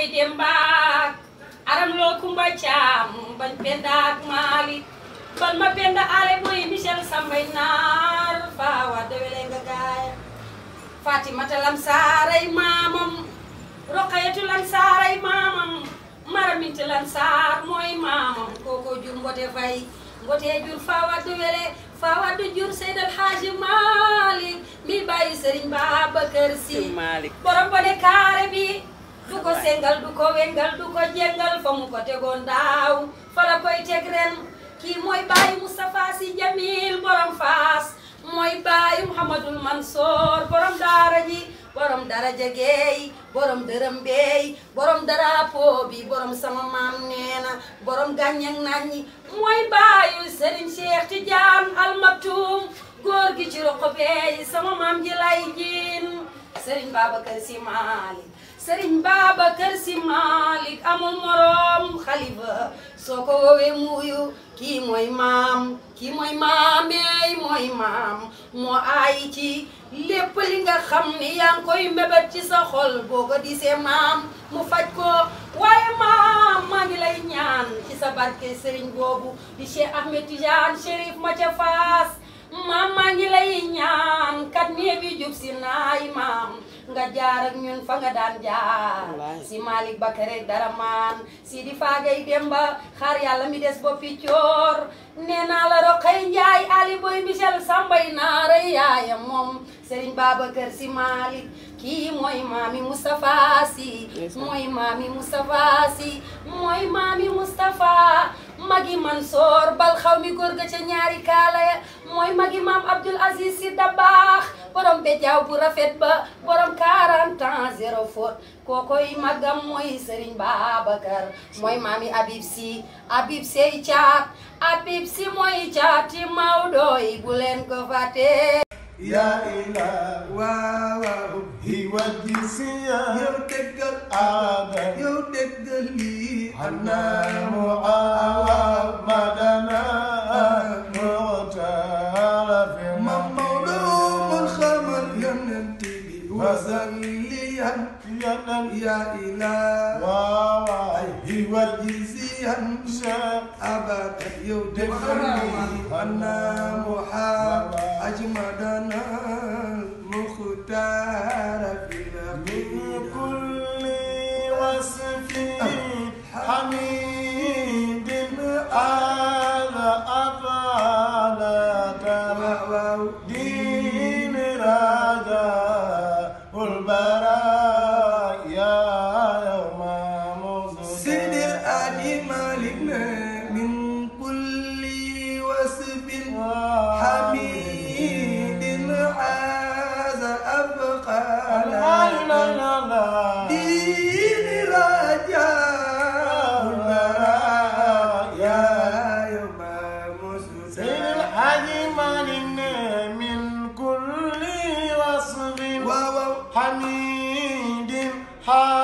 say dembaak aram loo kumba caam bañ pendaak maalik ban ma penda ale boy michel sambay naar faawa dewele nga gaaya fatimata lam saaray maamam roqayatu lan saaray maamam maraminte lan saar mooy maamam kooko jur mbote fay mbote jur faawa dewele faawa du jur seydal haaji maalik mi bàyyi sëriñ baabakar si borom bone kaare bi duko sengal duko wengal duko jengal famu ko tegoon daaw fala koy teg ren moy mooy bàyyi Moustapha Sy Jamil borom fas, moy bàyyi Muhammadul Mansur borom daara ji borom daraja gay, borom dërëm beey borom darapo bi borom sama mam neena borom ganyang naññi moy bàyyu Serigne Cheikh Tidiane Al Maktoum gor gi ci roqo beey sama mam ji lay jiin Serigne Babakar Simali. sëriñ Babacar Si Maalik amul moroom xalifa soo ko woowee muuyu kii mooy maam kii mooy maameey mooy maam moo aay ci lépp li nga xam ni yaa ngi koy mbébét ci sa xol boo ko disee maam mu faj ko waaye maam maa ngi lay ñaan ci sa barke sëriñ boobu di Cheikh Ahmed Tidiane Chérif ma maam maa ngi lay nga jaar ak ñun fa nga daan jaar si malik Bakare dara man si di faagay demba xaar yalla mi dess bo fi cior neena la roqay njaay ali boy michel sambay yaayam mom Serigne babakar si malik, ki moy mami Mustafasi, si moy Mustafasi, mustafa si Mustafa, mami mustafa magi Mansor bal xawmi mi ga ca ñaari kala ya. moy magi Mam Abdul Aziz si dabakh borom béjaaw bu rafet ba borom 40 ans zéro faute magam mooy Serigne Babacar mooy maami Habib Sy Habib Sy caat Habib Sy mooy caati Maodo yi bu leen ko fàtte. yaa ilaa waaw waaw hi wàjji si yow déggal aada yow déggal lii xanaa mu aada جليا يا إله ووعيه والجزيا أبدا يدخلني أنا محمد أجمدنا مختار في من كل وصف حميد من كل وسب حميد عاز أبقانا دين رجاؤنا يا إمام مسلم الحاج مالنا من كل وصف حميد حاز